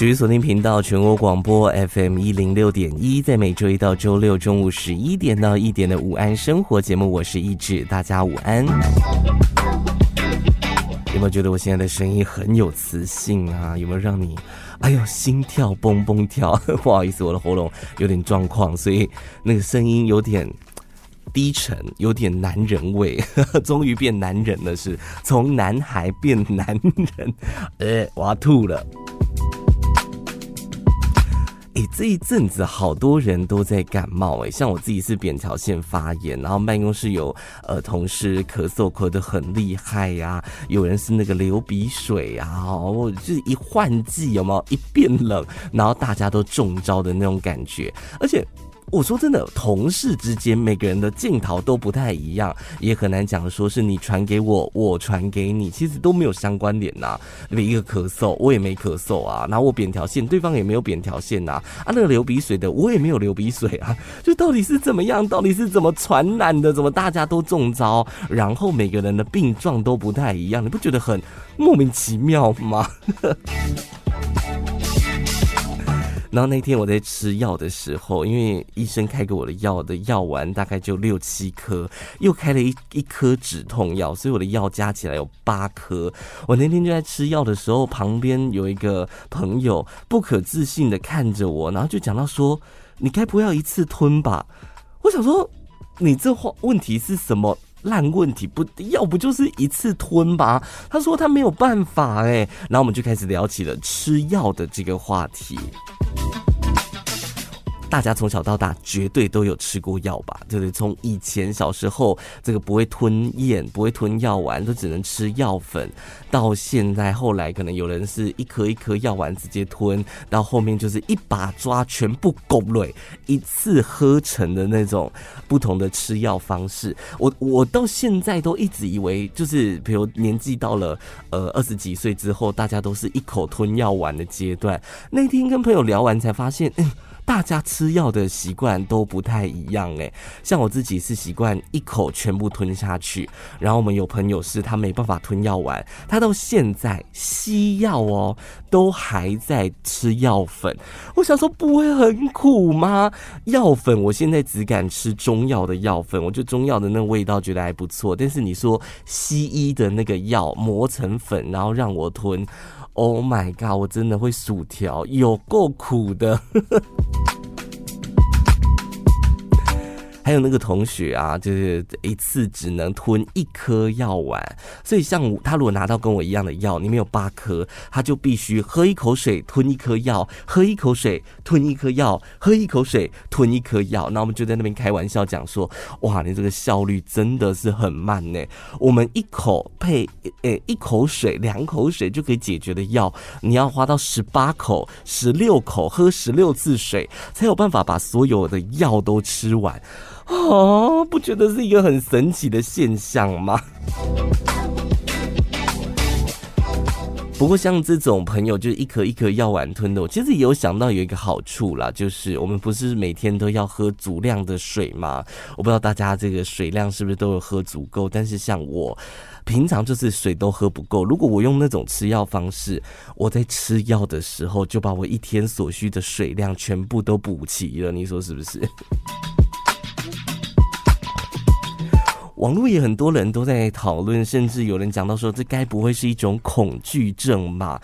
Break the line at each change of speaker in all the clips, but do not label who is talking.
只於鎖定頻道，全國廣播 FM 一零六點一，在每周一到周六中午十一點到一點的午安生活節目，我是一誌，大家午安。 有沒有覺得我現在的聲音很有磁性啊？有沒有讓你，哎呦，心跳蹦蹦跳？呵呵，不好意思，我的喉嚨有點狀況，所以那個聲音有點低沉，有點男人味。呵呵，終於變男人了，是，從男孩變男人。誒、欸，我要吐了。欸、這一陣子好多人都在感冒、欸，誒，像我自己是扁桃腺發炎，然後辦公室有呃同事咳嗽咳得很厲害呀、啊，有人是那個流鼻水啊，我就是一換季有沒有一變冷，然後大家都中招的那種感覺，而且。我說真的，同事之間每個人的症頭都不太一樣，也很難講說是你傳給我，我傳給你，其實都沒有相關點吶、啊。你一個咳嗽，我也沒咳嗽啊。然後我扁桃腺，對方也沒有扁桃腺吶、啊。啊，那個流鼻水的，我也沒有流鼻水啊。就到底是怎麼樣？到底是怎麼傳染的？怎麼大家都中招？然後每個人的病狀都不太一樣，你不覺得很莫名其妙嗎？ 然後那天我在吃藥的時候，因為醫生開給我的藥的藥丸大概就六七顆，又開了一一顆止痛藥，所以我的藥加起來有八顆。我那天就在吃藥的時候，旁邊有一個朋友不可置信的看着我，然後就講到說：“你該不會要一次吞吧？”我想說：“你這話問題是什麼？”爛問題，不要不就是一次吞吧？他說他沒有辦法哎、欸，然後我們就開始聊起了吃藥的這個話題。大家從小到大絕對都有吃過藥吧，就是從以前小時候這個不會吞嚥、不會吞藥丸，都只能吃藥粉，到現在後來可能有人是一顆一顆藥丸直接吞，到後面就是一把抓全部勾兌一次喝成的那種不同的吃藥方式。我我到現在都一直以為，就是比如年紀到了呃二十幾歲之後，大家都是一口吞藥丸的階段。那天跟朋友聊完才發現，嗯大家吃藥的習慣都不太一樣哎，像我自己是習慣一口全部吞下去，然後我們有朋友是他沒辦法吞藥丸，他到現在西藥哦，都還在吃藥粉。我想說不會很苦嗎？藥粉我現在只敢吃中藥的藥粉，我覺得中藥的那個味道覺得還不錯，但是你說西醫的那個藥磨成粉然後讓我吞，Oh my god，我真的會薯條有夠苦的。 還有那個同學啊，就是一次只能吞一顆藥丸，所以像他如果拿到跟我一樣的藥，裡面有八顆，他就必須喝一口水吞一顆藥，喝一口水吞一顆藥，喝一口水吞一顆藥。那我們就在那邊開玩笑講說，哇，你這個效率真的是很慢呢，欸。我們一口配誒、欸、一口水，兩口水就可以解決的藥，你要花到十八口，十六口，喝十六次水，才有辦法把所有的藥都吃完。哦，不覺得是一個很神奇的現象嗎？不過像這種朋友，就是一顆一顆藥丸吞的，我其實也有想到有一個好處啦，就是我們不是每天都要喝足量的水嗎？我不知道大家這個水量是不是都有喝足夠，但是像我平常就是水都喝不夠。如果我用那種吃藥方式，我在吃藥的時候就把我一天所需的水量全部都補齊了，你說是不是？網絡也很多人都在討論，甚至有人講到說，這該不會是一種恐懼症吧？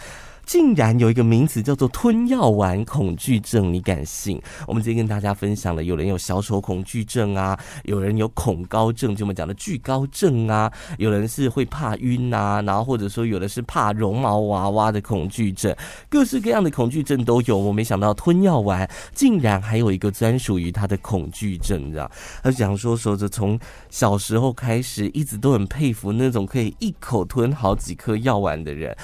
竟然有一個名詞叫做吞藥丸恐懼症，你敢信？我們今天跟大家分享了，有人有小丑恐懼症啊，有人有恐高症，就我們講的懼高症啊，有人是會怕暈啊，然後或者說有的是怕絨毛娃娃的恐懼症，各式各樣的恐懼症都有。我沒想到吞藥丸竟然還有一個專屬於他的恐懼症，你知道？他想說，說着從小時候開始一直都很佩服那種可以一口吞好幾顆藥丸的人。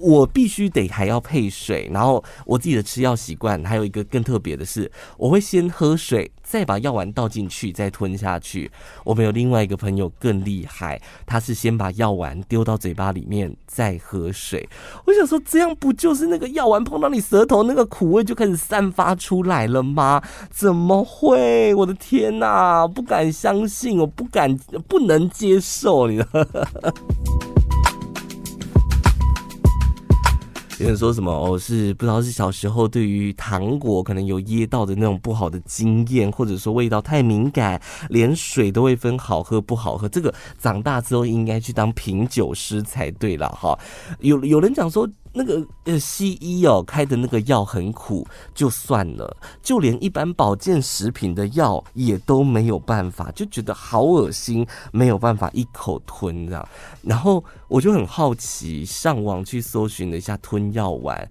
我必須得還要配水，然後我自己的吃藥習慣，還有一個更特別的是，我會先喝水，再把藥丸倒進去，再吞下去。我們有另外一個朋友更厲害，他是先把藥丸丟到嘴巴裡面，再喝水。我想說，這樣不就是那個藥丸碰到你舌頭，那個苦味就開始散發出來了嗎？怎麼會？我的天哪、啊，我不敢相信，我不敢，不能接受，你知道。說什麼哦？是不知道是小時候對於糖果可能有噎到的那種不好的經驗，或者說味道太敏感，連水都會分好喝不好喝。這個長大之後應該去當品酒師才對了哈、哦。有有人講說。那個呃，西醫哦，開的那個藥很苦，就算了，就連一般保健食品的藥也都沒有辦法，就覺得好噁心，沒有辦法一口吞，這樣。然後我就很好奇，上網去搜尋了一下吞藥丸，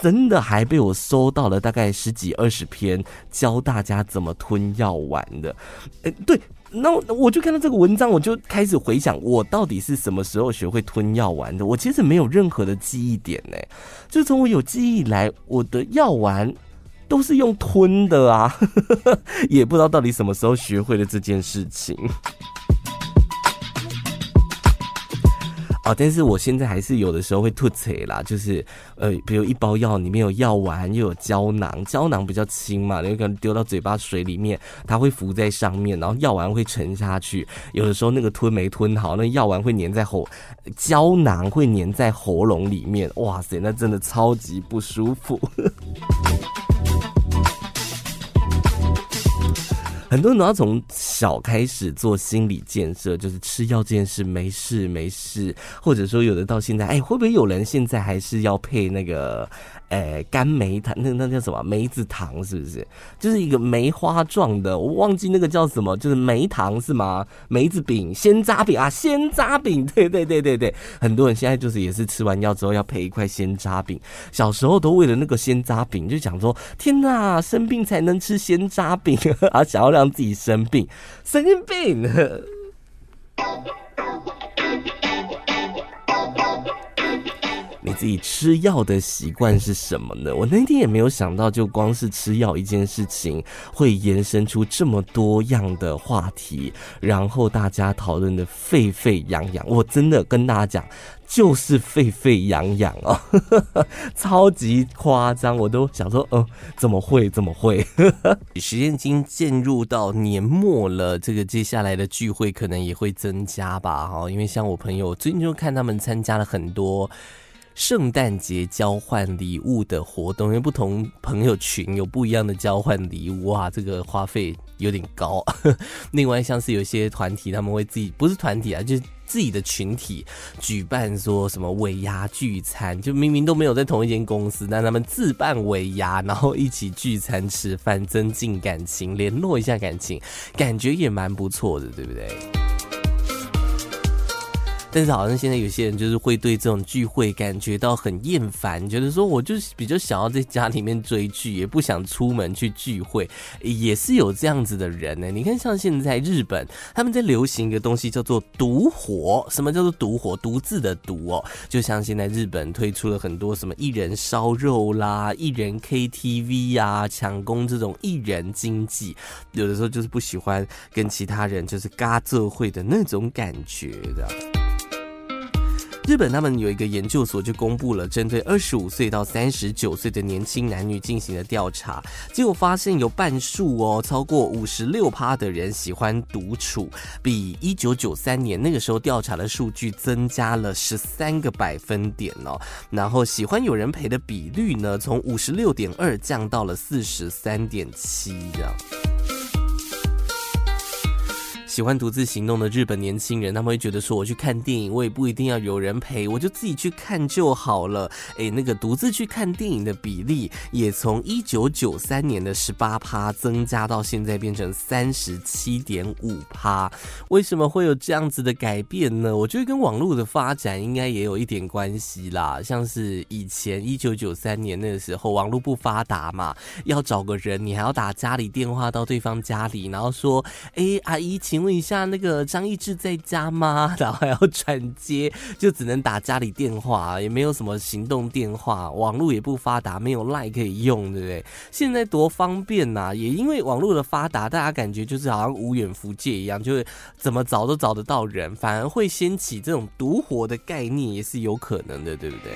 真的還被我搜到了大概十幾二十篇教大家怎麼吞藥丸的，哎，對。那我就看到這個文章，我就開始回想我到底是什麼時候學會吞藥丸的。我其實沒有任何的記憶點呢、欸，就從我有記憶以來，我的藥丸都是用吞的啊呵呵呵，也不知道到底什麼時候學會了這件事情。哦，但是我現在還是有的時候會吐出啦。就是呃，比如一包藥裡面有藥丸又有膠囊，膠囊比較輕嘛，有可能丟到嘴巴水裡面，它會浮在上面，然後藥丸會沉下去。有的時候那個吞沒吞好，那藥丸會粘在喉，膠囊會粘在喉嚨裡面，哇塞，那真的超級不舒服。 很多人都要從小開始做心理建設，就是吃藥這件事沒事沒事，或者說有的到現在，哎，會不會有人現在還是要配那個？欸，乾梅糖，那那叫什麼？梅子糖是不是？就是一個梅花狀的，我忘記那個叫什麼，就是梅糖是嗎？梅子餅、仙楂餅啊，仙楂餅，對對對對對，很多人現在就是也是吃完藥之後要配一塊仙楂餅，小時候都為了那個仙楂餅就講說，天哪，生病才能吃仙楂餅啊，想要讓自己生病，神經病。自己吃藥的習慣是什麼呢？我那天也沒有想到，就光是吃藥一件事情，會延伸出這麼多樣的話題，然後大家討論的沸沸揚揚。我真的跟大家講，就是沸沸揚揚哦呵呵，超級誇張，我都想說，嗯，怎麼會，怎麼會？呵呵。時間已經進入到年末了，這個接下來的聚會可能也會增加吧，哈、哦，因為像我朋友我最近就看他們參加了很多。聖誕節交換禮物的活動，因為不同朋友群有不一樣的交換禮物，哇，這個花費有點高。 另外，像是有些團體他們會自己，不是團體啊，就是自己的群體舉辦說什麼尾牙聚餐，就明明都沒有在同一間公司，但他們自辦尾牙，然後一起聚餐吃飯，增進感情，聯絡一下感情，感覺也蠻不錯的，對不對？但是好像現在有些人就是會對這種聚會感覺到很厭煩，覺得說我就比較想要在家裡面追劇，也不想出門去聚會，也是有這樣子的人呢。你看，像現在日本他們在流行一個東西叫做獨活，什麼叫做獨活？獨自的獨哦，就像現在日本推出了很多什麼一人燒肉啦、一人 KTV 呀、啊、搶攻這種一人經濟，有的時候就是不喜歡跟其他人就是嘎這會的那種感覺的。日本他們有一個研究所，就公布了針對二十五歲到三十九歲的年輕男女進行的調查，結果發現有半數哦，超過五十六趴的人喜歡獨處，比一九九三年那個時候調查的數據增加了十三個百分點哦，然後喜歡有人陪的比率呢，從五十六點二降到了四十三點七這樣。喜歡獨自行動的日本年輕人，他們會覺得說：“我去看電影，我也不一定要有人陪，我就自己去看就好了。”誒，那個獨自去看電影的比例也從一九九三年的十八趴增加到現在變成三十七點五趴。為什麼會有這樣子的改變呢？我覺得跟網絡的發展應該也有一點關係啦。像是以前一九九三年那個時候，網絡不發達嘛，要找個人，你還要打家裡電話到對方家裡，然後說：“誒，阿姨，請。”問一下，那個張一志在家嗎？然後還要轉接，就只能打家裡電話，也沒有什麼行動電話，網絡也不發達，沒有賴可以用，對不對？現在多方便吶，啊！也因為網絡的發達，大家感覺就是好像無遠弗屆一樣，就是怎麼找都找得到人，反而會掀起這種獨活的概念，也是有可能的，對不對？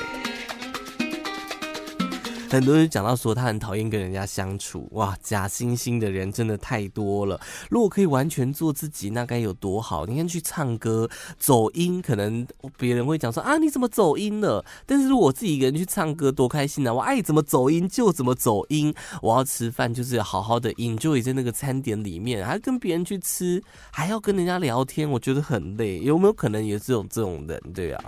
很多人講到說他很討厭跟人家相處，哇，假惺惺的人真的太多了。如果可以完全做自己，那該有多好！你看去唱歌走音，可能別人會講說啊，你怎麼走音了？但是如果我自己一個人去唱歌，多開心啊！我愛怎麼走音就怎麼走音，我要吃飯就是好好的 enjoy 在那個餐點裡面，還跟別人去吃，還要跟人家聊天，我覺得很累。有沒有可能也是有這種人，對啊。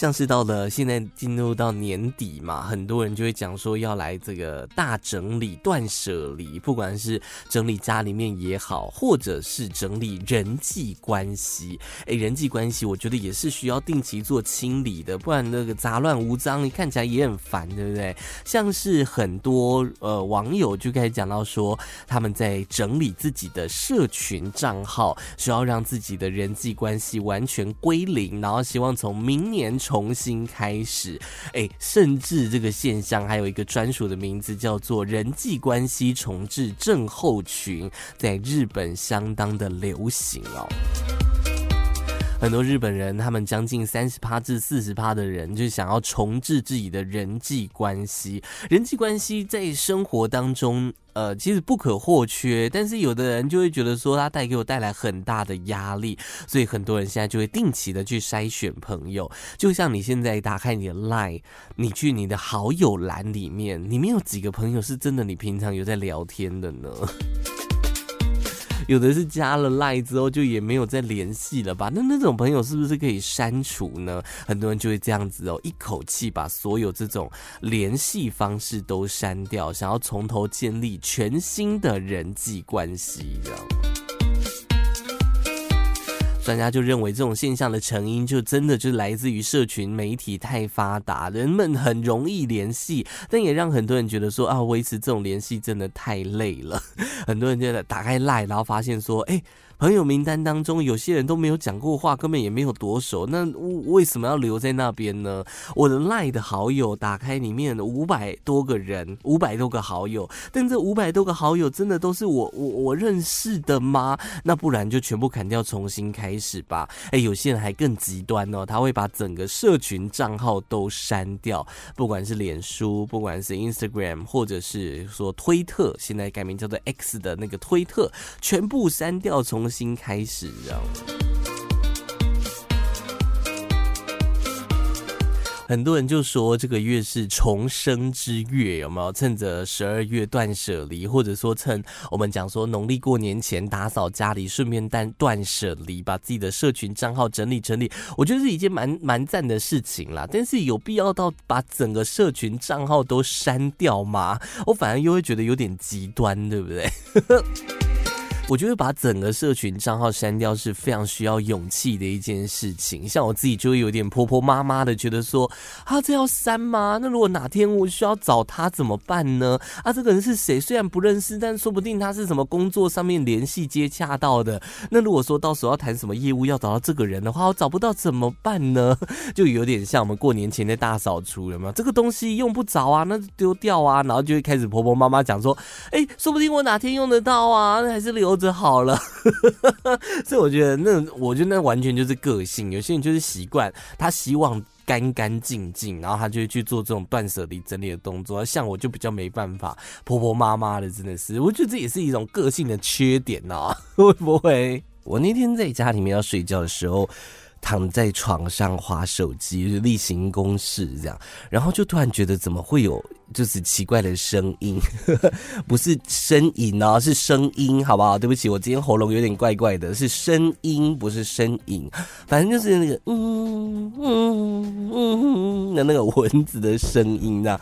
像是到了現在進入到年底嘛，很多人就會講說要來這個大整理、斷捨離，不管是整理家裡面也好，或者是整理人際關係。哎，人際關係我覺得也是需要定期做清理的，不然那個雜亂無章，你看起來也很煩，對不對？像是很多呃網友就開始講到說，他們在整理自己的社群賬號，需要讓自己的人際關係完全歸零，然後希望從明年重新開始，哎、欸，甚至這個現象還有一個專屬的名字，叫做“人際關係重置症候群”，在日本相當的流行哦。很多日本人，他們將近三十趴至四十趴的人，就想要重置自己的人際關係。人際關係在生活當中，呃，其實不可或缺。但是有的人就會覺得說，它帶給我帶來很大的壓力，所以很多人現在就會定期的去篩選朋友。就像你現在打開你的 LINE，你去你的好友欄裡面，你沒有幾個朋友是真的，你平常有在聊天的呢？有的是加了賴之後就也沒有再聯繫了吧？那那種朋友是不是可以刪除呢？很多人就會這樣子哦，一口氣把所有這種聯繫方式都刪掉，想要從頭建立全新的人際關係的。專家就認為，這種現象的成因就真的就是來自於社群媒體太發達，人們很容易聯繫，但也讓很多人覺得說啊，維持這種聯繫真的太累了。很多人就在打開 Line，然後發現說，誒、欸。朋友名單當中，有些人都沒有講過話，根本也沒有奪手，那為什麼要留在那邊呢？我的賴的好友，打開裡面五百多個人，五百多個好友，但這五百多個好友真的都是我我我認識的嗎？那不然就全部砍掉，重新開始吧。哎、欸，有些人還更極端哦、喔，他會把整個社群賬號都刪掉，不管是臉書，不管是 Instagram，或者是說推特，現在改名叫做 X 的那個推特，全部刪掉，重新。新開始，知道嗎？很多人就說，這個月是重生之月，有沒有趁着十二月斷捨離，或者說趁我們講說農曆過年前打掃家裡，順便斷斷捨離，把自己的社群賬號整理整理？我覺得是一件蠻蠻讚的事情啦。但是有必要到把整個社群賬號都刪掉嗎？我反而又會覺得有點極端，對不對？ 我就會把整個社群賬號刪掉，是非常需要勇氣的一件事情。像我自己就會有點婆婆媽媽的，覺得說，啊，這要刪嗎？那如果哪天我需要找他怎麼辦呢？啊，這個人是誰？雖然不認識，但說不定他是什麼工作上面聯繫接洽到的。那如果說到時候要談什麼業務，要找到這個人的話，我找不到怎麼辦呢？就有點像我們過年前的大掃除了嘛。這個東西用不着啊，那就丟掉啊。然後就會開始婆婆媽媽講說，誒，說不定我哪天用得到啊，還是留。這好了， 所以我覺得那，我覺得那完全就是個性。有些人就是習慣，他希望乾乾淨淨，然後他就去做這種斷捨離整理的動作。像我就比較沒辦法，婆婆媽媽的，真的是，我覺得這也是一種個性的缺點吶、啊，會不會？我那天在家裡面要睡覺的時候，躺在床上滑手機，就是、例行公事這樣，然後就突然覺得怎麼會有就是奇怪的聲音？ 不是呻吟啊，是聲音，好不好？對不起，我今天喉嚨有點怪怪的，是聲音，不是呻吟，反正就是那個嗯嗯嗯嗯的，那個蚊子的聲音啊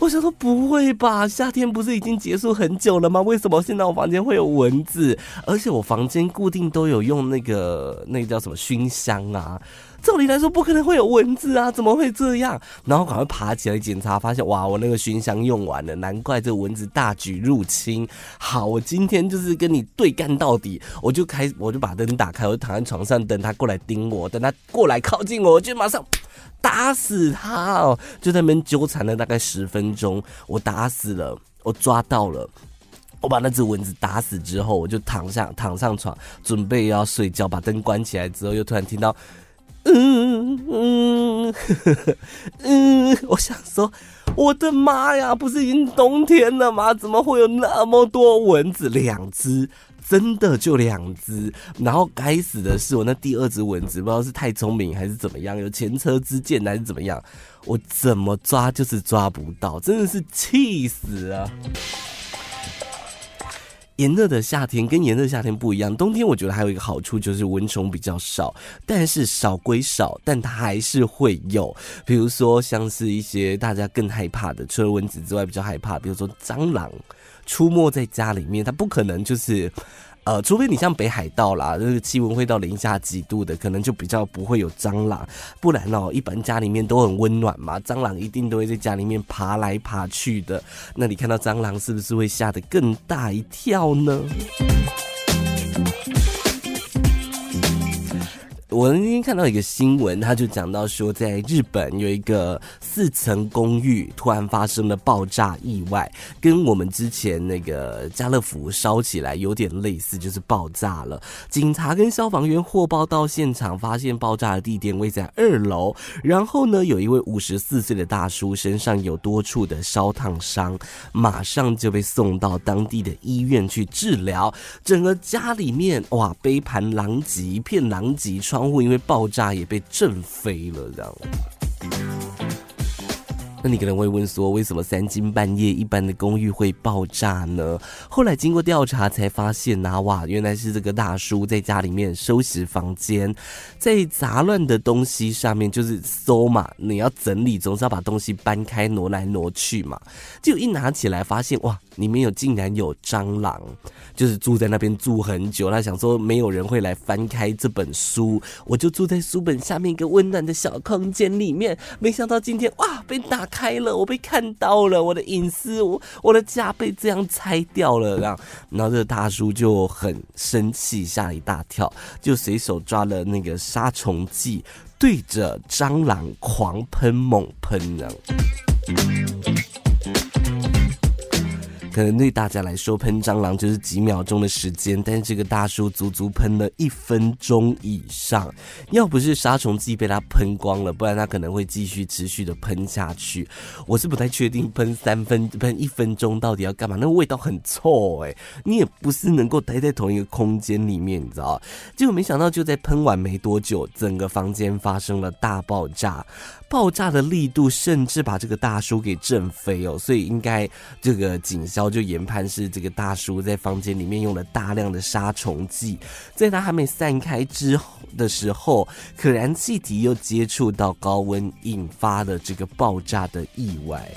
我想說不會吧，夏天不是已經結束很久了嗎？為什麼現在我房間會有蚊子？而且我房間固定都有用那個那個叫什麼熏香啊，照理來說不可能會有蚊子啊，怎麼會這樣？然後趕快爬起來檢查，發現哇，我那個熏香用完了，難怪這蚊子大舉入侵。好，我今天就是跟你對幹到底，我就開，我就把燈打開，我就躺在床上等他過來叮我，等他過來靠近我，我就馬上。打死他哦，就在那邊糾纏了大概十分鐘，我打死了，我抓到了，我把那只蚊子打死之後，我就躺下、躺上床，準備要睡覺，把燈關起來之後，又突然聽到，嗯嗯呵呵嗯，我想說，我的媽呀，不是已經冬天了嗎？怎麼會有那麼多蚊子？兩只。真的就兩隻，然後該死的是我那第二隻蚊子，不知道是太聰明還是怎麼樣，有前車之鑑還是怎麼樣，我怎麼抓就是抓不到，真的是氣死啊！炎熱的夏天跟炎熱的夏天不一樣，冬天我覺得還有一個好處就是蚊蟲比較少，但是少歸少，但它還是會有，比如說像是一些大家更害怕的，除了蚊子之外比較害怕，比如說蟑螂。出沒在家裡面，它不可能就是，呃，除非你像北海道啦，這個氣溫會到零下幾度的，可能就比較不會有蟑螂。不然哦，一般家裡面都很溫暖嘛，蟑螂一定都會在家裡面爬來爬去的。那你看到蟑螂是不是會嚇得更大一跳呢？我今天看到一個新聞，他就講到說，在日本有一個四層公寓突然發生了爆炸意外，跟我們之前那個家樂福燒起來有點類似，就是爆炸了。警察跟消防員獲報到現場，發現爆炸的地點位在二樓。然後呢，有一位五十四歲的大叔身上有多處的燒燙傷，馬上就被送到當地的醫院去治療。整個家裡面，哇，杯盤狼藉，一片狼藉，窗戶因為爆炸也被震飛了，這樣。那你可能會問說，為什麼三更半夜一般的公寓會爆炸呢？後來經過調查才發現啊，啊哇，原來是這個大叔在家裡面收拾房間，在雜亂的東西上面就是搜嘛，你要整理，總是要把東西搬開，挪來挪去嘛，就一拿起來發現，哇，裡面有竟然有蟑螂！就是住在那邊住很久，他想說沒有人會來翻開這本書，我就住在書本下面一個溫暖的小空間裡面，沒想到今天，哇，被打。開了，我被看到了，我的隱私，我我的家被這樣拆掉了，這樣，然後這大叔就很生氣，嚇了一大跳，就隨手抓了那個殺蟲劑，對着蟑螂狂噴猛噴呢。可能對大家來說，噴蟑螂，就是幾秒鐘的時間，但是這個大叔足足噴了一分鐘以上，要不是殺蟲劑被他噴光了，不然他可能會繼續持續的噴下去。我是不太確定噴三分噴一分鐘到底要幹嘛，那個味道很臭欸，你也不是能夠待在同一個空間裡面，你知道？結果沒想到就在噴完沒多久，整個房間發生了大爆炸，爆炸的力度甚至把這個大叔給震飛哦，所以應該這個警消。就研判是這個大叔在房間裡面用了大量的殺蟲劑，在他還沒散開之後的時候，可燃氣體又接觸到高溫，引發了這個爆炸的意外。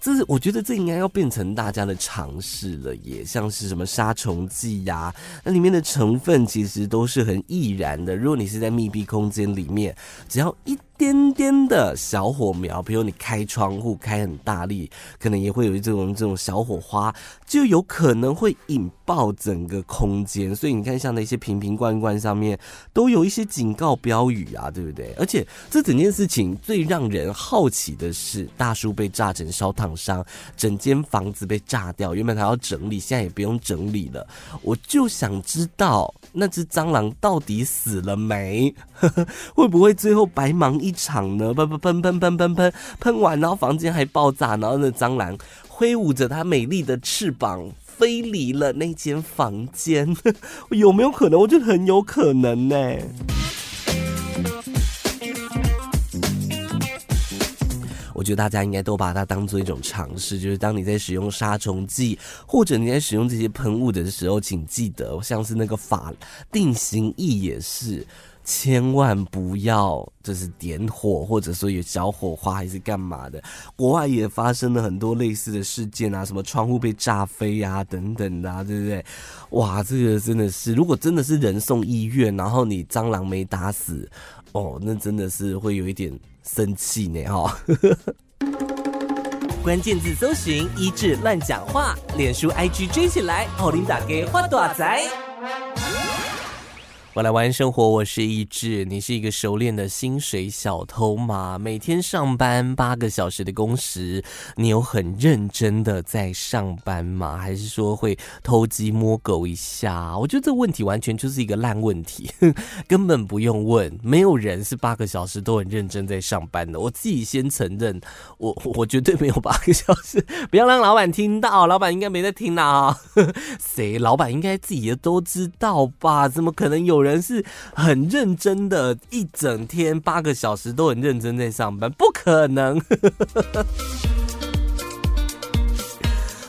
這是我覺得這應該要變成大家的常識了耶，也像是什麼殺蟲劑呀，那裡面的成分其實都是很易燃的，如果你是在密閉空間裡面，只要一。點點的小火苗，比如你開窗戶開很大力，可能也會有這種這種小火花，就有可能會引爆整個空間。所以你看，像那些瓶瓶罐罐上面都有一些警告標語啊，對不對？而且這整件事情最讓人好奇的是，大叔被炸成燒燙傷，整間房子被炸掉，原本他要整理，現在也不用整理了。我就想知道那隻蟑螂到底死了沒？ 會不會最後白忙一？一場呢，噴噴噴噴噴噴噴完，然後房間還爆炸，然後那蟑螂揮舞着它美麗的翅膀飛離了那間房間， 有沒有可能？我覺得很有可能呢、欸。 我覺得大家應該都把它當做一種嘗試，就是當你在使用殺蟲劑或者你在使用這些噴霧的時候，請記得，像是那個髮定型液也是。千萬不要，就是點火，或者說有小火花，還是幹嘛的？國外也發生了很多類似的事件啊，什麼窗戶被炸飛呀、啊，等等的、啊，對不對？哇，這個真的是，如果真的是人送醫院，然後你蟑螂沒打死，哦，那真的是會有一點生氣呢，哈、哦。 關鍵字搜尋1誌亂講話，臉書 IG 追起來，奧林打給花朵仔。我來玩生活，我是1誌。你是一個熟練的薪水小偷嗎？每天上班八個小時的工時，你有很認真的在上班嗎？還是說會偷雞摸狗一下？我覺得這問題完全就是一個爛問題，根本不用問，沒有人是八個小時都很認真在上班的。我自己先承認，我我絕對沒有八個小時。不要讓老闆聽到，老闆應該沒在聽啦。誰？老闆應該自己也都知道吧？怎麼可能有？有人是很認真的一整天八個小時都很認真在上班，不可能。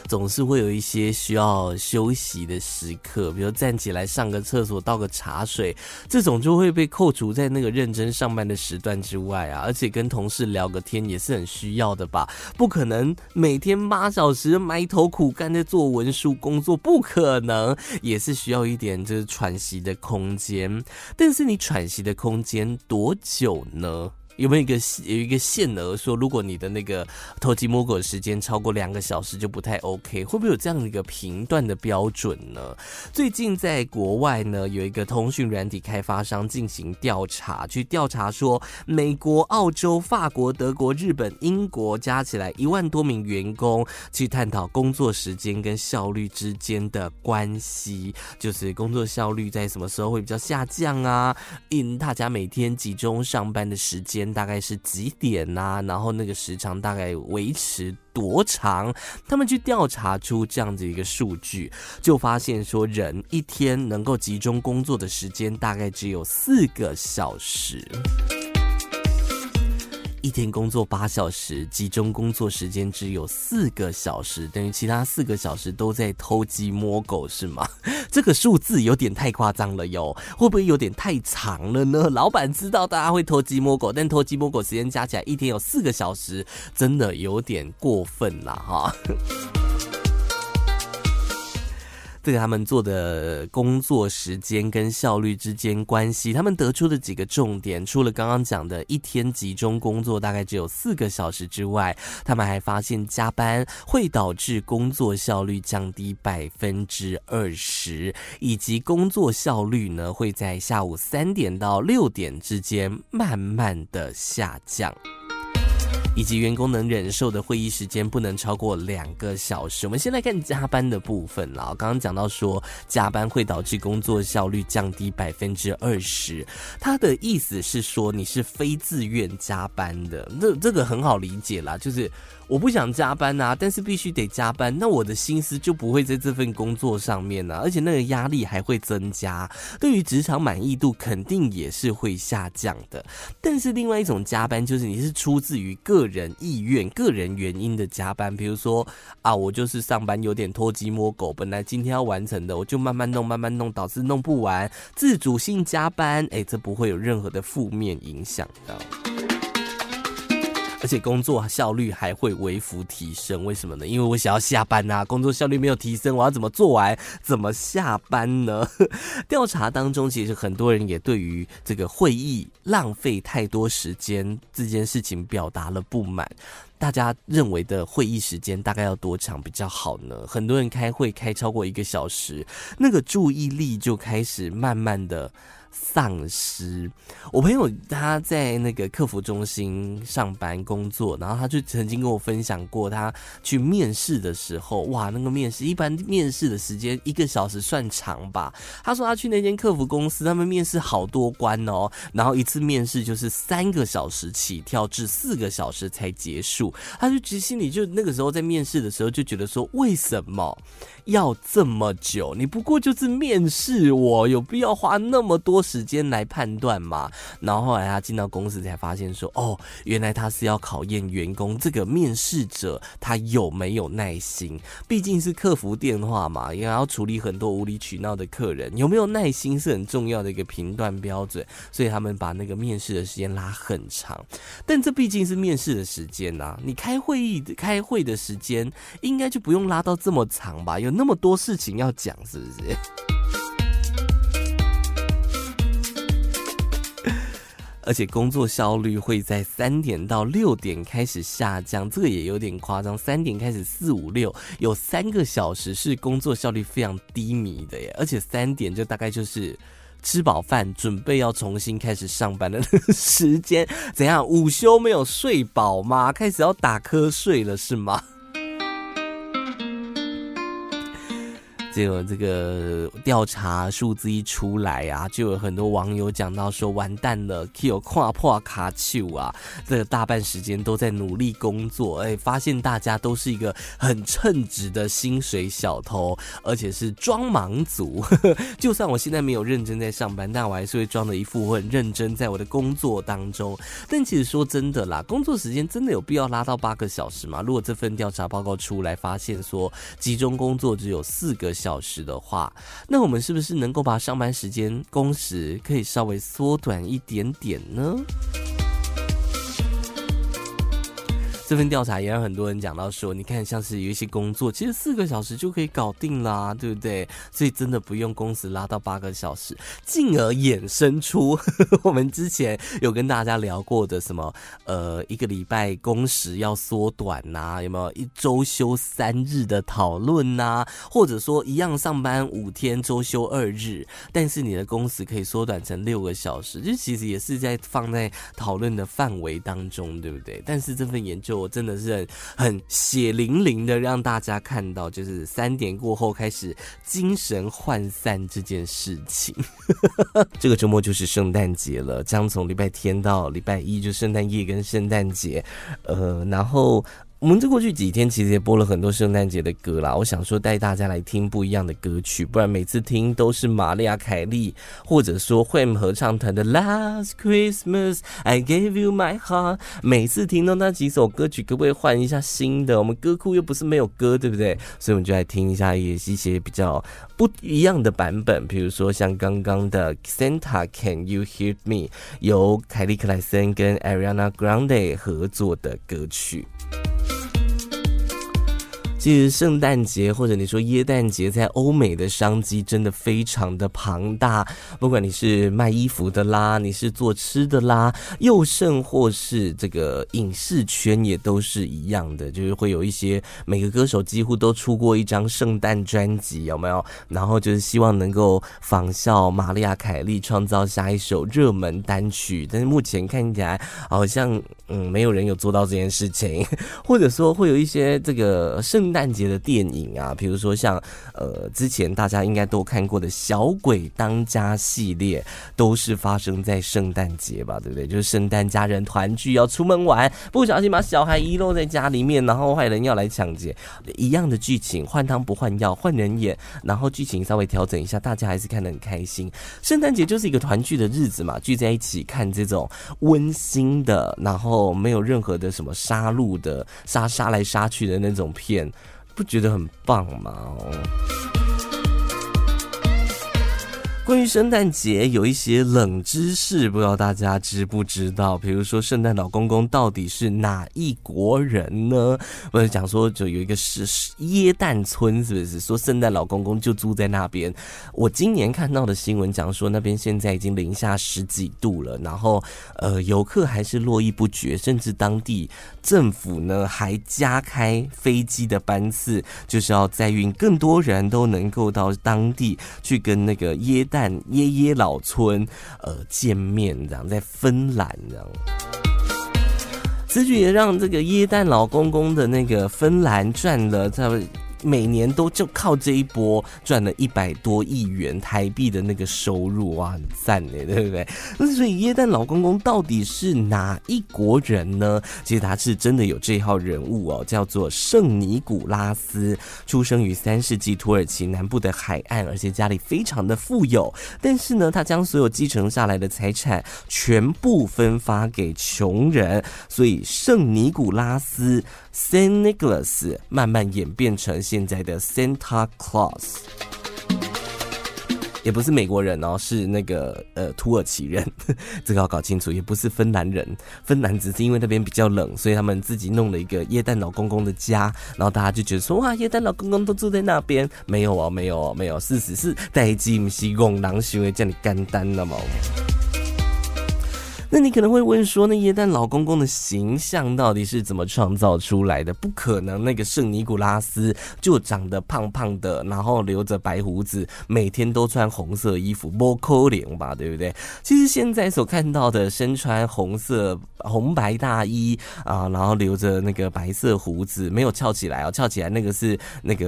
總是會有一些需要休息的時刻，比如站起來上個廁所、倒個茶水，這種就會被扣除在那個認真上班的時段之外啊。而且跟同事聊個天也是很需要的吧？不可能每天八小時埋頭苦幹在做文書工作，不可能，也是需要一點就是喘息的空間。但是你喘息的空間多久呢？有沒有一個有一個限額說，如果你的那個偷雞摸狗的時間超過兩個小時，就不太 OK。會不會有這樣的一個評斷的標準呢？最近在國外呢，有一個通訊軟體開發商進行調查，去調查說，美國、澳洲、法國、德國、日本、英國加起來一萬多名員工去探討工作時間跟效率之間的關係，就是工作效率在什麼時候會比較下降啊？因大家每天集中上班的時間。大概是幾點啊，然後那個時長大概維持多長？他們去調查出這樣子一個數據，就發現說，人一天能夠集中工作的時間大概只有四個小時。一天工作八小時，集中工作時間只有四個小時，等於其他四個小時都在偷雞摸狗，是嗎？這個數字有點太誇張了喲，會不會有點太長了呢？老闆知道大家會偷雞摸狗，但偷雞摸狗時間加起來一天有四個小時，真的有點過分了、啊、哈。呵呵對他們做的工作時間跟效率之間關係，他們得出的幾個重點，除了剛剛講的一天集中工作大概只有四個小時之外，他們還發現加班會導致工作效率降低百分之二十，以及工作效率呢會在下午三點到六點之間慢慢的下降。以及員工能忍受的會議時間不能超過兩個小時。我們先來看加班的部分啦。剛剛講到說，加班會導致工作效率降低百分之二十。他的意思是說，你是非自願加班的。這這個很好理解啦，就是。我不想加班吶、啊，但是必須得加班，那我的心思就不會在這份工作上面呢、啊？而且那個壓力還會增加，對於職場滿意度肯定也是會下降的。但是另外一種加班，就是你是出自於個人意願、個人原因的加班，比如說啊，我就是上班有點偷雞摸狗，本來今天要完成的，我就慢慢弄、慢慢弄，導致弄不完，自主性加班，誒、欸，這不會有任何的負面影響的。而且工作效率還會微幅提升，為什麼呢？因為我想要下班啊，工作效率沒有提升，我要怎麼做完，怎麼下班呢？ 調查當中，其實很多人也對於這個會議浪費太多時間這件事情表達了不滿。大家認為的會議時間大概要多長比較好呢？很多人開會開超過一個小時，那個注意力就開始慢慢的。喪失。我朋友他在那個客服中心上班工作，然後他就曾經跟我分享過，他去面試的時候，哇，那個面試一般面試的時間一個小時算長吧。他說他去那間客服公司，他們面試好多關哦，然後一次面試就是三個小時起跳至四個小時才結束。他就其實心裡就那個時候在面試的時候就覺得說，為什麼要這麼久？你不過就是面試我，有必要花那麼多時間？時間來判斷嘛，然後後來他進到公司才發現說，哦，原來他是要考驗員工這個面試者他有沒有耐心，畢竟是客服電話嘛，也要處理很多無理取鬧的客人，有沒有耐心是很重要的一個評斷標準，所以他們把那個面試的時間拉很長，但這畢竟是面試的時間吶、啊，你開會議開會的時間應該就不用拉到這麼長吧，有那麼多事情要講，是不是？而且工作效率會在三點到六點開始下降，這個也有點誇張。三點開始四五六有三個小時是工作效率非常低迷的耶，而且三點就大概就是吃飽飯，準備要重新開始上班的時間。怎樣？午休沒有睡飽嗎？開始要打瞌睡了是嗎？有這個這個調查數字一出來啊，就有很多網友講到說：“完蛋了 kill 跨破卡丘啊！”這個、大半時間都在努力工作，哎，發現大家都是一個很稱職的薪水小偷，而且是裝忙族。 就算我現在沒有認真在上班，但我還是會裝的一副我很認真，在我的工作當中。但其實說真的啦，工作時間真的有必要拉到八個小時嗎？如果這份調查報告出來，發現說集中工作只有四個小時。小時的話，那我們是不是能夠把上班時間、工時可以稍微縮短一點點呢？這份調查也讓很多人講到說，你看像是有一些工作其實四個小時就可以搞定啦，對不對？所以真的不用工時拉到八個小時，進而衍生出呵呵我們之前有跟大家聊過的什麼呃，一個禮拜工時要縮短吶、啊，有沒有一周休三日的討論吶、啊？或者說一樣上班五天周休二日，但是你的工時可以縮短成六個小時，這其實也是在放在討論的範圍當中，對不對？但是這份研究。我真的是很、很血淋淋的，讓大家看到，就是三點過後開始精神渙散這件事情。 這個周末就是聖誕節了，將從禮拜天到禮拜一，就聖誕夜跟聖誕節。呃，然後。我們這過去幾天其實也播了很多聖誕節的歌啦。我想說帶大家來聽不一樣的歌曲，不然每次聽都是瑪麗亞·凱莉或者說惠姆合唱團的《The Last Christmas》，I gave you my heart，每次聽到那幾首歌曲，可不可以換一下新的？我們歌庫又不是沒有歌，對不對？所以我們就來聽一下，也是一些比較不一樣的版本。比如說像剛剛的《Santa》，Can you hear me？由凱莉·克萊森跟 Ariana Grande 合作的歌曲。其實聖誕節或者你說耶誕節，在歐美的商機真的非常的龐大。不管你是賣衣服的啦，你是做吃的啦，又甚或是這個影視圈也都是一樣的，就是會有一些每個歌手幾乎都出過一張聖誕專輯，有沒有？然後就是希望能夠仿效瑪麗亞·凱莉，創造下一首熱門單曲。但是目前看起來好像嗯，沒有人有做到這件事情，或者說會有一些這個聖。聖誕節的電影啊，比如說像呃之前大家應該都看過的小鬼當家系列，都是發生在聖誕節吧，對不對？就是聖誕家人團聚要出門玩，不小心把小孩遺漏在家裡面，然後壞人要來搶劫，一樣的劇情，換湯不換藥，換人演，然後劇情稍微調整一下，大家還是看得很開心。聖誕節就是一個團聚的日子嘛，聚在一起看這種溫馨的，然後沒有任何的什麼殺戮的，殺殺來殺去的那種片。不覺得很棒嗎？哦。關於聖誕節有一些冷知識，不知道大家知不知道？比如說聖誕老公公到底是哪一國人呢？不是講說就有一個是耶誕村，是不是？說聖誕老公公就住在那邊。我今年看到的新聞講說，那邊現在已經零下十幾度了，然後呃遊客還是絡繹不絕，甚至當地政府呢還加開飛機的班次，就是要載運更多人都能夠到當地去跟那個耶誕，耶耶老村，呃，見面這樣，在芬蘭這樣，此舉也讓這個耶誕老公公的那個芬蘭賺了差不多。每年都就靠這一波賺了一百多億元台幣的那個收入，哇，很讚哎，對不對？那所以耶誕老公公到底是哪一國人呢？其實他是真的有這一號人物哦，叫做聖尼古拉斯，出生於三世紀土耳其南部的海岸，而且家裡非常的富有。但是呢，他將所有繼承下來的財產全部分發給窮人，所以聖尼古拉斯 （Saint Nicholas） 慢慢演變成。現在的 Santa Claus 也不是美國人哦，是那個呃，土耳其人，呵呵，這個要搞清楚，也不是芬蘭人，芬蘭只是因為那邊比較冷，所以他們自己弄了一個耶誕老公公的家，然後大家就覺得說，哇，耶誕老公公都住在那邊，沒有啊，沒有啊，沒有啊，沒有啊，事實是代誌毋是戇人想的遐爾簡單了嘛。那你可能會問說，那耶誕老公公的形象到底是怎麼創造出來的？不可能，那個聖尼古拉斯就長得胖胖的，然後留着白胡子，每天都穿紅色衣服，摸扣臉吧，對不對？其實現在所看到的，身穿紅色紅白大衣啊、呃，然後留着那個白色胡子，沒有翹起來啊、哦，翹起來那個是那個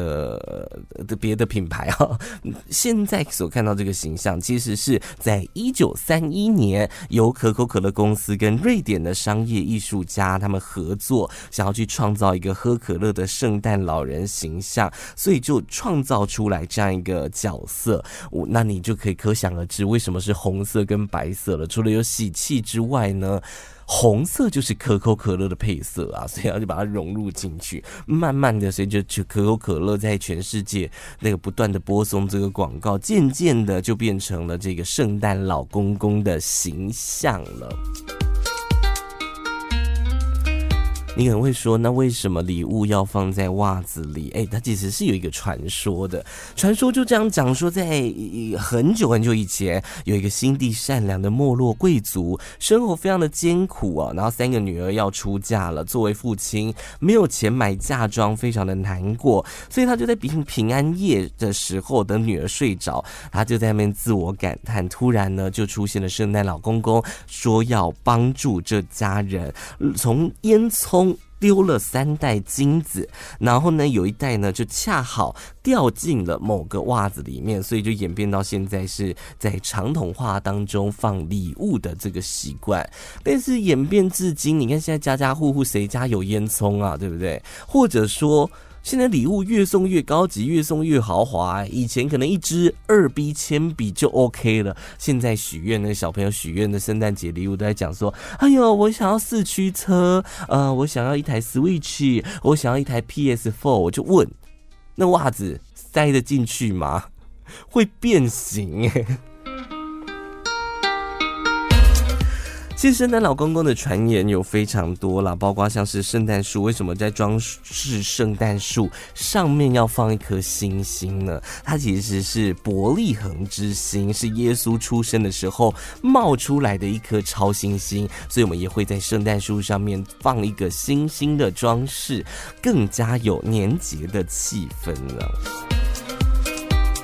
的、呃、別的品牌啊、哦。現在所看到這個形象，其實是在一九三一年由可口。可樂公司跟瑞典的商業藝術家，他們合作，想要去創造一個喝可樂的聖誕老人形象，所以就創造出來這樣一個角色。我、哦，那你就可以可想而知，為什麼是紅色跟白色了？除了有喜氣之外呢？紅色就是可口可樂的配色啊，所以要就把它融入進去，慢慢的，所以就可口可樂在全世界那個不斷的播送這個廣告，漸漸的就變成了這個聖誕老公公的形象了。你很會說，那為什麼禮物要放在襪子裡？哎、欸，它其實是有一個傳說的，傳說就這樣講說，在很久很久以前，有一個心地善良的沒落貴族，生活非常的艱苦哦、啊。然後三個女兒要出嫁了，作為父親沒有錢買嫁妝，非常的難過，所以他就在平平安夜的時候，等女兒睡着，他就在那邊自我感嘆。突然呢，就出現了聖誕老公公，說要幫助這家人，從煙囪。丟了三袋金子，然後呢，有一袋呢就恰好掉進了某個襪子裡面，所以就演變到現在是在長筒襪當中放禮物的這個習慣。但是演變至今，你看現在家家戶戶誰家有煙囪啊，對不對？或者說。現在禮物越送越高級，越送越豪華、欸。以前可能一支二 B 鉛筆就 OK 了，現在許願那小朋友許願的聖誕節禮物都在講說：“哎呦，我想要四驅車，呃，我想要一台 Switch，我想要一台 PS Four。”我就問，那襪子塞得進去嗎？會變形、欸。其實呢，老公公的傳言有非常多了，包括像是聖誕樹，為什麼在裝飾聖誕樹上面要放一顆星星呢？它其實是伯利恆之星，是耶穌出生的時候冒出來的一顆超新星，所以我們也會在聖誕樹上面放一個星星的裝飾，更加有年節的氣氛了、啊、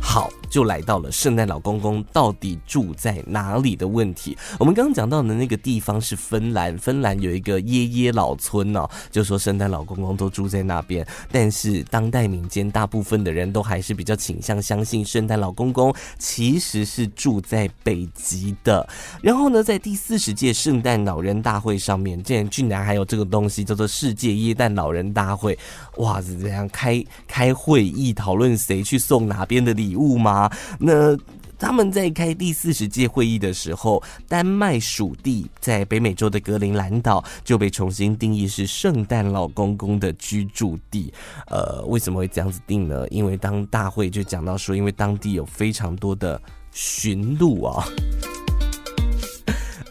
好。就來到了聖誕老公公到底住在哪裡的問題。我們剛剛講到的那個地方是芬蘭，芬蘭有一個耶耶老村哦，就說聖誕老公公都住在那邊。但是當代民間大部分的人都還是比較傾向相信聖誕老公公其實是住在北極的。然後呢，在第四十屆聖誕老人大會上面，竟然居然還有這個東西叫做世界耶誕老人大會，哇，是怎樣開開會議討論誰去送哪邊的禮物嗎？那他們在開第四十屆會議的時候，丹麥屬地在北美洲的格陵蘭島就被重新定義是聖誕老公公的居住地。呃，為什麼會這樣子定呢？因為當大會就講到說，因為當地有非常多的馴鹿啊。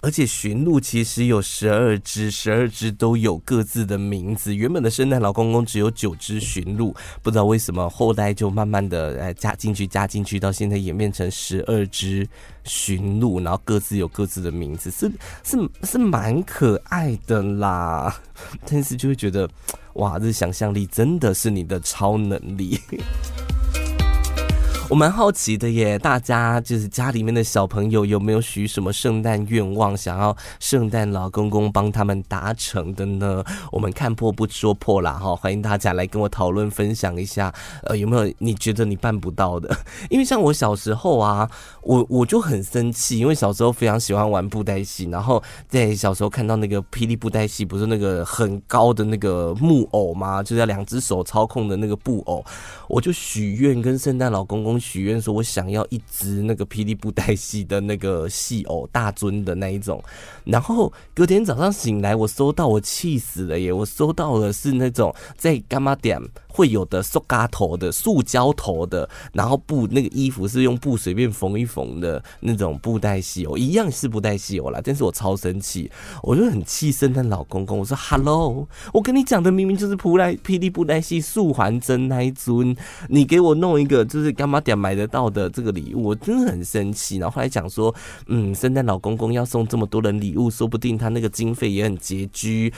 而且馴鹿其實有十二隻，十二隻都有各自的名字。原本的聖誕老公公只有九隻馴鹿，不知道為什麼後代就慢慢的哎加進去、加進去，到現在演變成十二隻馴鹿，然後各自有各自的名字，是是是蠻可愛的啦。但是就會覺得，哇，這想象力真的是你的超能力。我蠻好奇的耶，大家就是家裡面的小朋友有沒有許什麼聖誕願望，想要聖誕老公公幫他們達成的呢？我們看破不說破啦哈，歡迎大家來跟我討論分享一下，呃，有沒有你覺得你辦不到的？因為像我小時候啊，我我就很生氣，因為小時候非常喜歡玩布袋戲，然後在小時候看到那個霹靂布袋戲，不是那個很高的那個木偶嗎？就是要兩隻手操控的那個布偶，我就許願跟聖誕老公公。許願說：“我想要一隻那個霹靂布袋戲的那個戲偶大尊的那一種。”然後隔天早上醒來，我收到我氣死了耶！我收到的是那種在柑仔店會有的塑膠頭的、塑膠頭的，然後布那個衣服是用布隨便縫一縫的那種布袋戲偶，一樣是布袋戲偶啦。但是我超生氣，我就很氣聖誕老公公。我說：“Hello，我跟你講的明明就是普萊霹靂布袋戲素還真那一尊，你給我弄一個就是柑仔店？”點買得到的這個禮物，我真的很生氣。然後後來講說，嗯，聖誕老公公要送這麼多人禮物，說不定他那個經費也很拮據。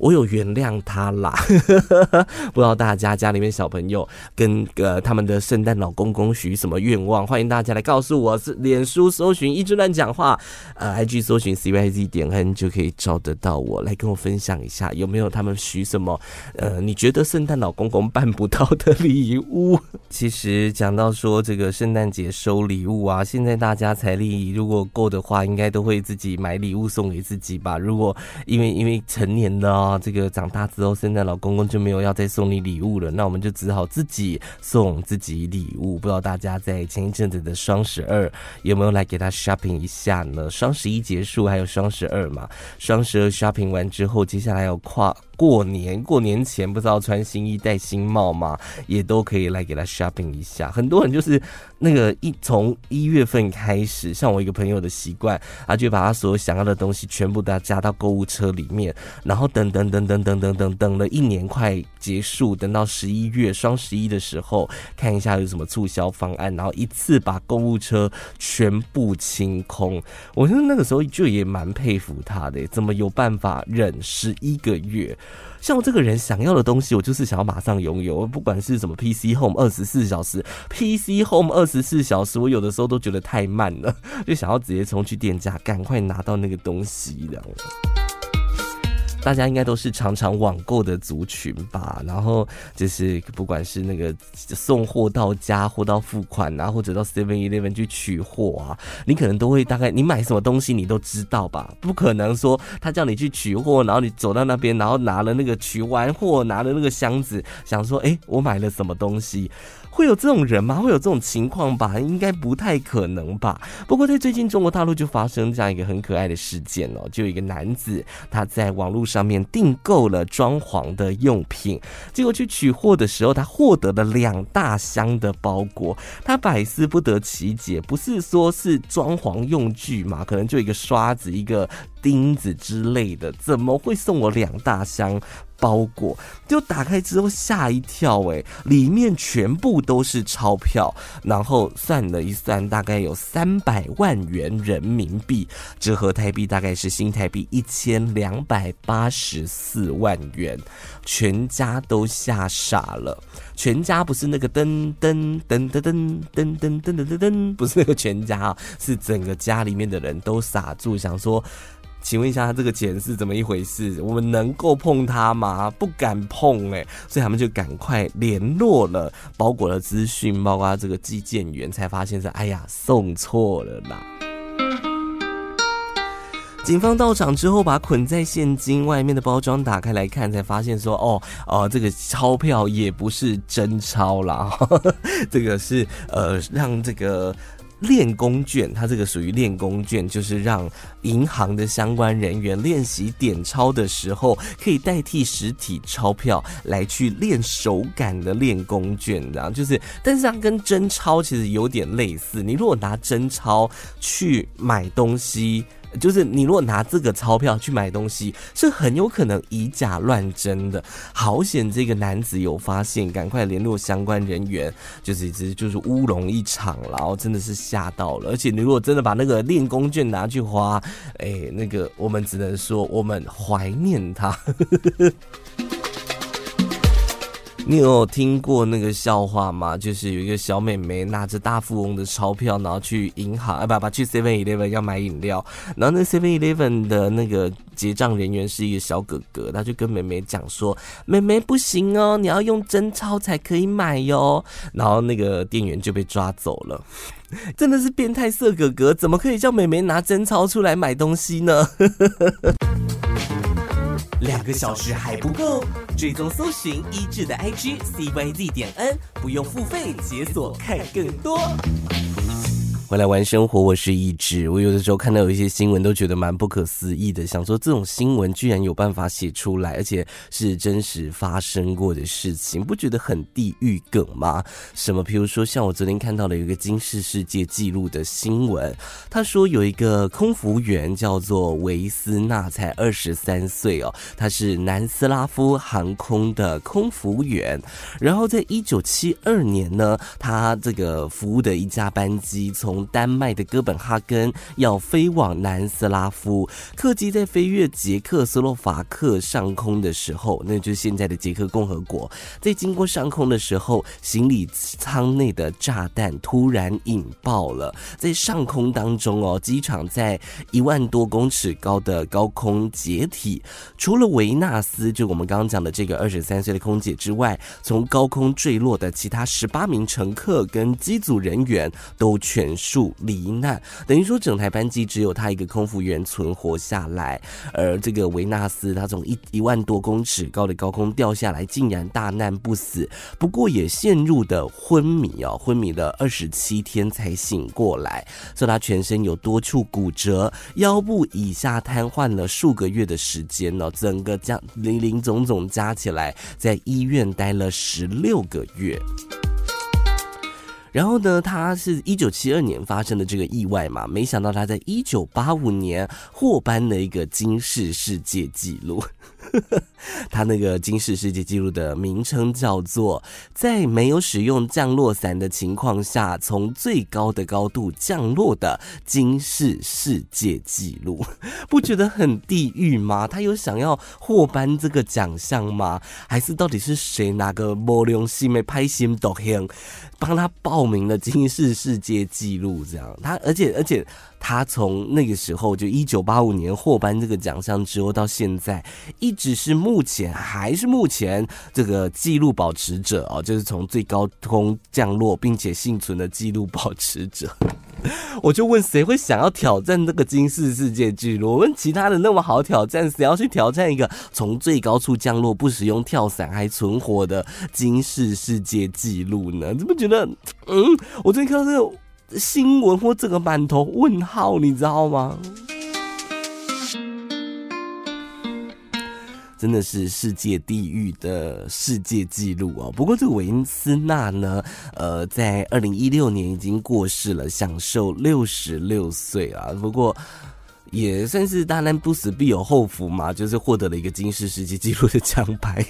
我有原諒他啦呵，呵呵，不知道大家家裡面小朋友跟呃他們的聖誕老公公許什麼願望？歡迎大家來告訴我，是臉書搜尋1誌亂講話，呃，IG 搜尋 c y z 點 n 就可以找得到我，來跟我分享一下有沒有他們許什麼？呃，你覺得聖誕老公公辦不到的禮物？其實講到說這個聖誕節收禮物啊，現在大家財力如果夠的話，應該都會自己買禮物送給自己吧？如果因為因為成年了哦。啊，這個長大之後，現在老公公就沒有要再送你禮物了。那我們就只好自己送自己禮物。不知道大家在前一陣子的雙十二有沒有來給他 shopping 一下呢？雙十一結束還有雙十二嘛，雙十二 shopping 完之後，接下來要跨。過年過年前不知道穿新衣戴新帽嗎？也都可以來給他 shopping 一下。很多人就是那個一從一月份開始，像我一個朋友的習慣，他，就把他所有想要的東西全部都加到購物車裡面，然後等等等等等等等等，等了一年快結束，等到十一月雙十一的時候，看一下有什麼促銷方案，然後一次把購物車全部清空。我覺得那個時候就也蠻佩服他的，怎麼有辦法忍十一個月？像我這個人，想要的東西，我就是想要馬上擁有。不管是什麼 PC Home 二十四小時，PC Home 二十四小時，小時我有的時候都覺得太慢了，就想要直接衝去店家，趕快拿到那個東西，這樣。大家應該都是常常網購的族群吧，然後就是不管是那個送貨到家，貨到付款啊，或者到 Seven Eleven 去取貨啊，你可能都會大概你買什麼東西你都知道吧？不可能說他叫你去取貨，然後你走到那邊，然後拿了那個取完貨，拿了那個箱子，想說哎、欸，我買了什麼東西？會有這種人嗎？會有這種情況吧？應該不太可能吧？不過在最近中國大陸就發生這樣一個很可愛的事件哦、喔，就有一個男子他在網絡。上面訂購了裝潢的用品，結果去取貨的時候，他獲得了兩大箱的包裹。他百思不得其解，不是說是裝潢用具嘛，可能就一個刷子、一個釘子之類的，怎麼會送我兩大箱？包裹就打開之後嚇一跳，欸，誒，裡面全部都是鈔票，然後算了一算，大概有三百萬元人民幣，折合台幣大概是新台幣一千兩百八十四萬元，全家都嚇傻了。全家不是那個噔噔噔噔噔噔噔噔噔噔噔，噔，噔，噔，噔，噔，不是那個全家，啊，是整個家裡面的人都傻住，想說。請問一下，他這個錢是怎麼一回事？我們能夠碰他嗎？不敢碰哎、欸，所以他們就趕快聯絡了，包裹了資訊，包括這個寄件員，才發現是哎呀送錯了啦。警方到場之後，把捆在現金外面的包裝打開來看，才發現說哦哦、呃，這個鈔票也不是真鈔啦。呵呵，這個是呃讓這個。練功券，它這個屬於練功券，就是讓銀行的相關人員練習點鈔的時候，可以代替實體鈔票來去練手感的練功券，然後就是，但是它跟真鈔其實有點類似。你如果拿真鈔去買東西。就是你如果拿這個鈔票去買東西，是很有可能以假亂真的。好險，這個男子有發現，趕快聯絡相關人員，就是一直就是烏龍一場，然後真的是嚇到了。而且你如果真的把那個練功券拿去花，哎、欸，那個我們只能說，我們懷念他。 你有聽過那個笑話嗎？就是有一個小美眉拿着大富翁的鈔票，然後去銀行，爸、啊、爸去 Seven Eleven 要買飲料，然後那 Seven Eleven 的那個結賬人員是一個小哥哥，他就跟美眉講說：“美眉，妹不行哦，你要用真鈔才可以買喲、哦。”然後那個店員就被抓走了，真的是變態色哥哥，怎麼可以叫美眉，妹拿真鈔出來買東西呢？ 兩個小時還不夠，追蹤搜尋一誌的 IG CYZ 點 N，不用付費解鎖看更多。回來玩生活，我是一誌。我有的時候看到有一些新聞，都覺得蠻不可思議的。想說，這種新聞居然有辦法寫出來，而且是真實發生過的事情，不覺得很地獄梗嗎？什麼？譬如說，像我昨天看到了一個金氏世界紀錄的新聞，他說有一個空服員叫做維斯納，才二十三歲哦，他是南斯拉夫航空的空服員。然後在一九七二年呢，他這個服務的一架班機從丹麥的哥本哈根要飛往南斯拉夫，客機在飛越捷克斯洛伐克上空的時候，那就是現在的捷克共和國，在經過上空的時候，行李艙內的炸彈突然引爆了，在上空當中哦，機場在一萬多公尺高的高空解體，除了維納斯，就我們剛剛講的這個二十三歲的空姐之外，從高空墜落的其他十八名乘客跟機組人員都全。樹罹難，等於說整台班機只有他一個空服員存活下來，而這個維納斯他從一一萬多公尺高的高空掉下來，竟然大難不死，不過也陷入的昏迷哦，昏迷了二十七天才醒過來，所以他全身有多處骨折，腰部以下癱瘓了數個月的時間，整個加林林總總加起來，在醫院待了十六個月。然後呢，他是一九七二年發生的這個意外嘛，沒想到他在一九八五年獲頒了一個金氏世界紀錄。 他那個金氏世界紀錄的名稱叫做，在沒有使用降落傘的情況下，從最高的高度降落的金氏世界紀錄， 不覺得很地獄嗎？他有想要獲頒這個獎項嗎？還是到底是誰拿個莫東西沒拍心抖嘿，幫他報名了金氏世界紀錄這樣？他而且而且。而且他從那個時候就一九八五年獲頒這個獎項之後，到現在一直是目前還是目前這個紀錄保持者哦，就是從最高空降落並且倖存的紀錄保持者。我就問誰會想要挑戰這個金氏世界紀錄？我問：「其他的那麼好挑戰，誰要去挑戰一個從最高處降落不使用跳傘還存活的金氏世界紀錄呢？怎麼覺得，嗯，我最近看到這個。新聞或這個滿頭問號，你知道嗎？真的是世界地獄的世界紀錄哦。不過這個韋因斯納呢，呃，在二零一六年已經過世了，享壽六十六歲啊。不過也算是大難不死必有後福嘛，就是獲得了一個金氏世界紀錄的獎牌。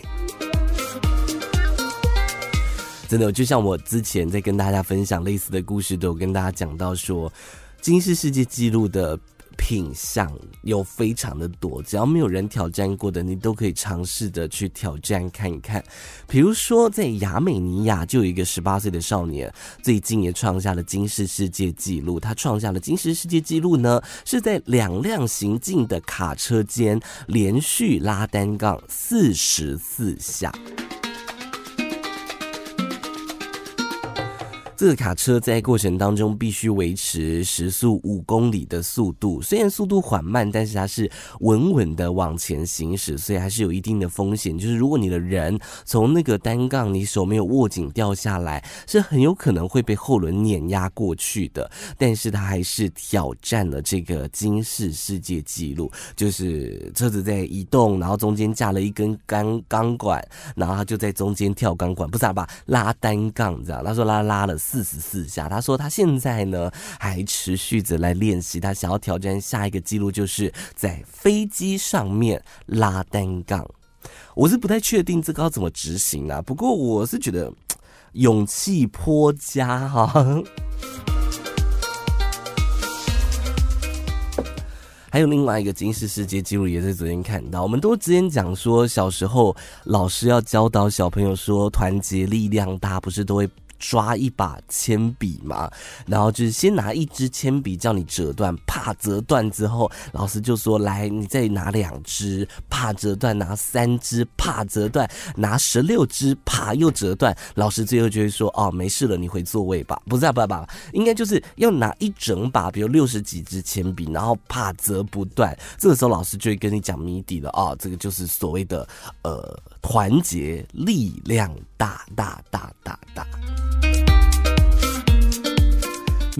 真的，就像我之前在跟大家分享類似的故事，都有跟大家講到說，金氏世界紀錄的品項，有非常的多，只要沒有人挑戰過的，你都可以嘗試的去挑戰看一看。比如說，在亞美尼亞就有一個十八歲的少年，最近也創下了金氏世界紀錄。他創下了金氏世界紀錄呢，是在兩輛行進的卡車間連續拉單槓四十四下。這個卡車在過程當中必須維持時速五公里的速度，雖然速度緩慢，但是它是穩穩的往前行駛，所以還是有一定的風險。就是如果你的人從那個單槓，你手沒有握緊掉下來，是很有可能會被後輪碾壓過去的。但是它還是挑戰了這個金氏世界紀錄，就是車子在移動，然後中間架了一根鋼鋼管，然後他就在中間跳鋼管，不是啊吧，把拉單槓這樣，他說拉拉了。四十四下，他說他現在呢還持續着來練習，他想要挑戰下一個記錄，就是在飛機上面拉單槓。我是不太確定這個要怎麼執行啊，不過我是覺得勇氣頗佳哈、啊。還有另外一個金氏世界紀錄，也是昨天看到，我們都之前講說，小時候老師要教導小朋友說團結力量大，不是都會。抓一把鉛筆嘛，然後就是先拿一支鉛筆叫你折斷，怕折斷之後，老師就說，來，你再拿兩支，怕折斷拿三支，怕折斷拿十六支，怕又折斷，老師最後就會說，哦，沒事了，你回座位吧。不是啊，不是啊，應該就是要拿一整把，比如六十幾支鉛筆，然後怕折不斷，這個時候老師就會跟你講謎底了哦，這個就是所謂的呃。團結力量大大大大大。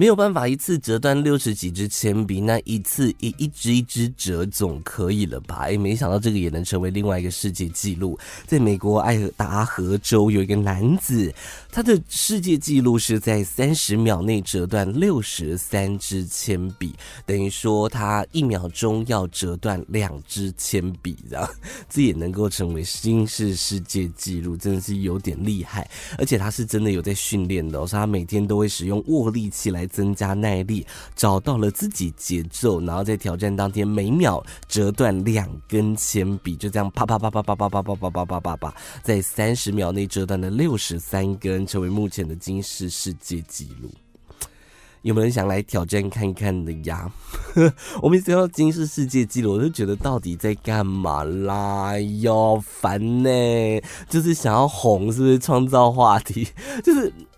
沒有辦法一次折斷六十幾支鉛筆，那一次一一支一支折總可以了吧？哎，沒想到這個也能成為另外一個世界紀錄。在美國愛達荷州有一個男子，他的世界紀錄是在三十秒內折斷六十三支鉛筆，等於說他一秒鐘要折斷兩支鉛筆。然後這也能夠成為金氏世界紀錄，真的是有點厲害。而且他是真的有在訓練的哦，所以他每天都會使用握力器來。增加耐力，找到了自己節奏，然後在挑戰當天每秒折斷兩根鉛筆，就這樣啪啪啪啪啪啪啪啪啪啪啪啪啪，在三十秒內折斷了六十三根，成為目前的金氏世界紀錄。有沒有人想來挑戰看看的呀？ 我們一提到金氏世界紀錄，我就覺得到底在幹嘛啦？喲，煩呢、欸，就是想要紅，是不是創造話題？就是。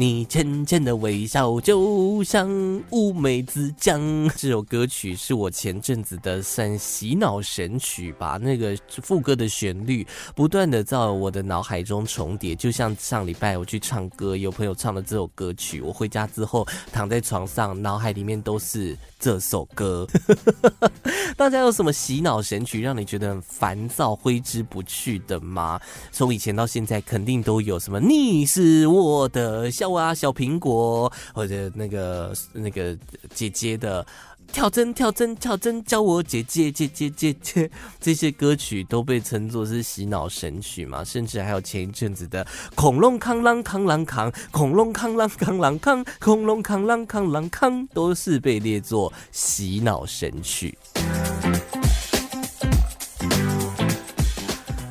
你淺淺的微笑，就像烏梅子醬。這首歌曲是我前陣子的算洗腦神曲吧？那個副歌的旋律不斷的在我的腦海中重疊，就像上禮拜我去唱歌，有朋友唱了這首歌曲，我回家之後躺在床上，腦海裡面都是。這首歌呵呵呵，大家有什麼洗腦神曲，讓你覺得很煩躁、揮之不去的嗎？從以前到現在，肯定都有什麼？你是我的小啊小蘋果，或者那個那個姐姐的。跳針跳針跳針，叫我姐姐姐姐姐姐姐，這些歌曲都被稱作是洗腦神曲嘛？甚至還有前一陣子的《恐龍扛狼扛狼扛》康朗康朗康，康康《恐龍扛狼扛狼扛》，《恐龍扛狼扛狼扛》，都是被列作洗腦神曲。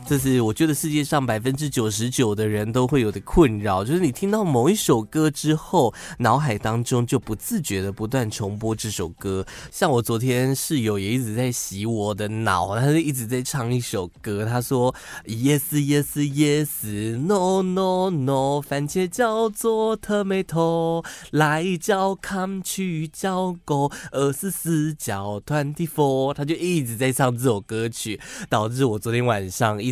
這是我覺得世界上百分之九十九的人都會有的困擾，就是你聽到某一首歌之後，腦海當中就不自覺的不斷重播這首歌。像我昨天室友也一直在洗我的腦，他就一直在唱一首歌，他說 “Yes Yes Yes No No No”，, no 番茄叫做 tomato 來叫 Come 去叫 Go，二十四叫 Twenty Four，他就一直在唱這首歌曲，導致我昨天晚上一。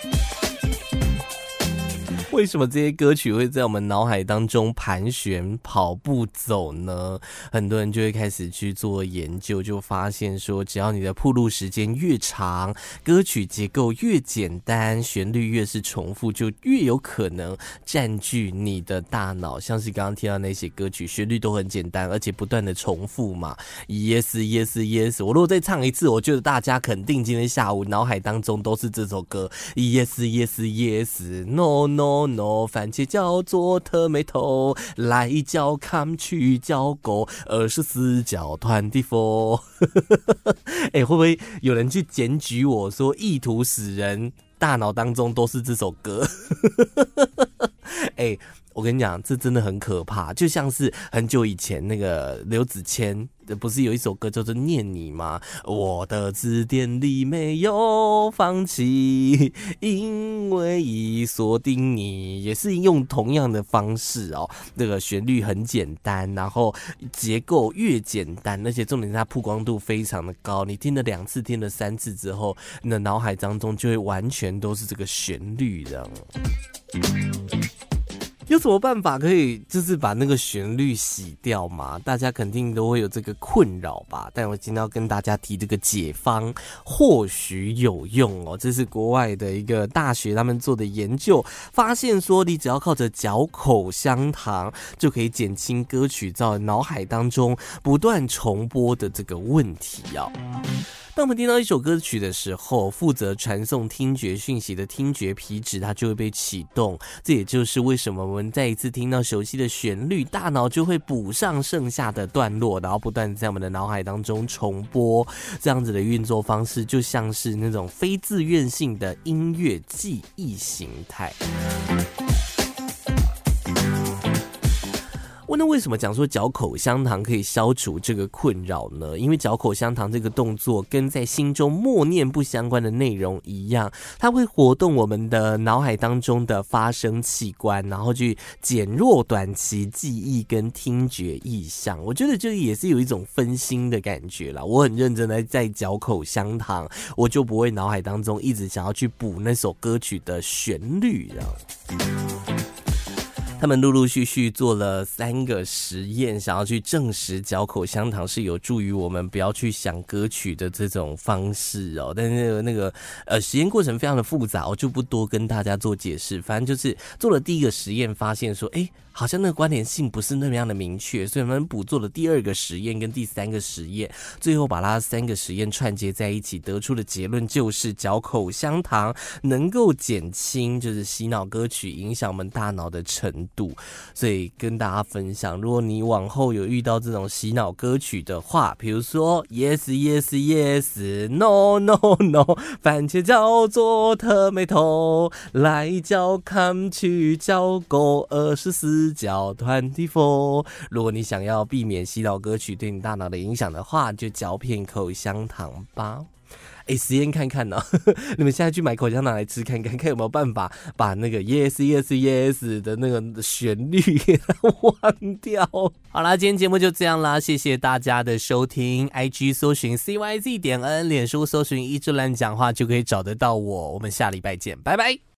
為什麼這些歌曲會在我們腦海當中盤旋、跑步走呢？很多人就會開始去做研究，就發現說，只要你的曝露時間越長，歌曲結構越簡單，旋律越是重複，就越有可能占據你的大腦。像是剛剛聽到那些歌曲，旋律都很簡單，而且不斷的重複嘛。Yes, Yes, Yes。我如果再唱一次，我覺得大家肯定今天下午腦海當中都是這首歌。Yes, Yes, Yes。No, No。喏，番茄叫做特梅頭，來叫看去叫狗，二十四叫團的佛。哎，會不會有人去檢舉我說意圖使人大腦當中都是這首歌？哎。 我跟你講，這真的很可怕，就像是很久以前那個劉子謙，不是有一首歌叫做《念你》嗎？我的字典裡沒有放棄，因為已鎖定你也是用同樣的方式哦、喔。那、這個旋律很簡單，然後結構越簡單，而且重點是它曝光度非常的高。你聽了兩次，聽了三次之後，你的腦海當中就會完全都是這個旋律的。有什麼辦法可以就是把那個旋律洗掉嗎？大家肯定都會有這個困擾吧？但我今天要跟大家提這個解方，或許有用哦。這是國外的一個大學他們做的研究，發現說你只要靠着嚼口香糖，就可以減輕歌曲在腦海當中不斷重播的這個問題哦。當我們聽到一首歌曲的時候，負責傳送聽覺訊息的聽覺皮質，它就會被啟動。這也就是為什麼我們再一次聽到熟悉的旋律，大腦就會補上剩下的段落，然後不斷在我們的腦海當中重播。這樣子的運作方式，就像是那種非自願性的音樂記憶形態。那為什麼講說嚼口香糖可以消除這個困擾呢？因為嚼口香糖這個動作跟在心中默念不相關的內容一樣，它會活動我們的腦海當中的發聲器官，然後去減弱短期記憶跟聽覺意象。我覺得這也是有一種分心的感覺啦。我很認真的在嚼口香糖，我就不會腦海當中一直想要去補那首歌曲的旋律了。他們陸陸續續做了三個實驗，想要去證實嚼口香糖是有助於我們不要去想歌曲的這種方式哦。但是那個呃，實驗過程非常的複雜，我就不多跟大家做解釋。反正就是做了第一個實驗，發現說，誒。好像那個關聯性不是那麼樣的明確，所以我們補做了第二個實驗跟第三個實驗，最後把它三個實驗串接在一起，得出的結論就是嚼口香糖能夠減輕就是洗腦歌曲影響我們大腦的程度。所以跟大家分享，如果你往後有遇到這種洗腦歌曲的話，比如說 Yes Yes Yes no, no No No 番茄叫做 tomato，來叫 come 去叫夠二十四。呃是是叫如果你想要避免洗腦歌曲對你大腦的影響的話，就嚼片口香糖吧。哎、欸，實驗看看呢、啊？你們現在去買口香糖來吃，看看看有沒有辦法把那個 yes yes yes 的那個旋律給忘掉。好啦，今天節目就這樣啦，謝謝大家的收聽。IG 搜尋 cyz 點 n，臉書搜尋1誌亂講話就可以找得到我。我們下禮拜見，拜拜。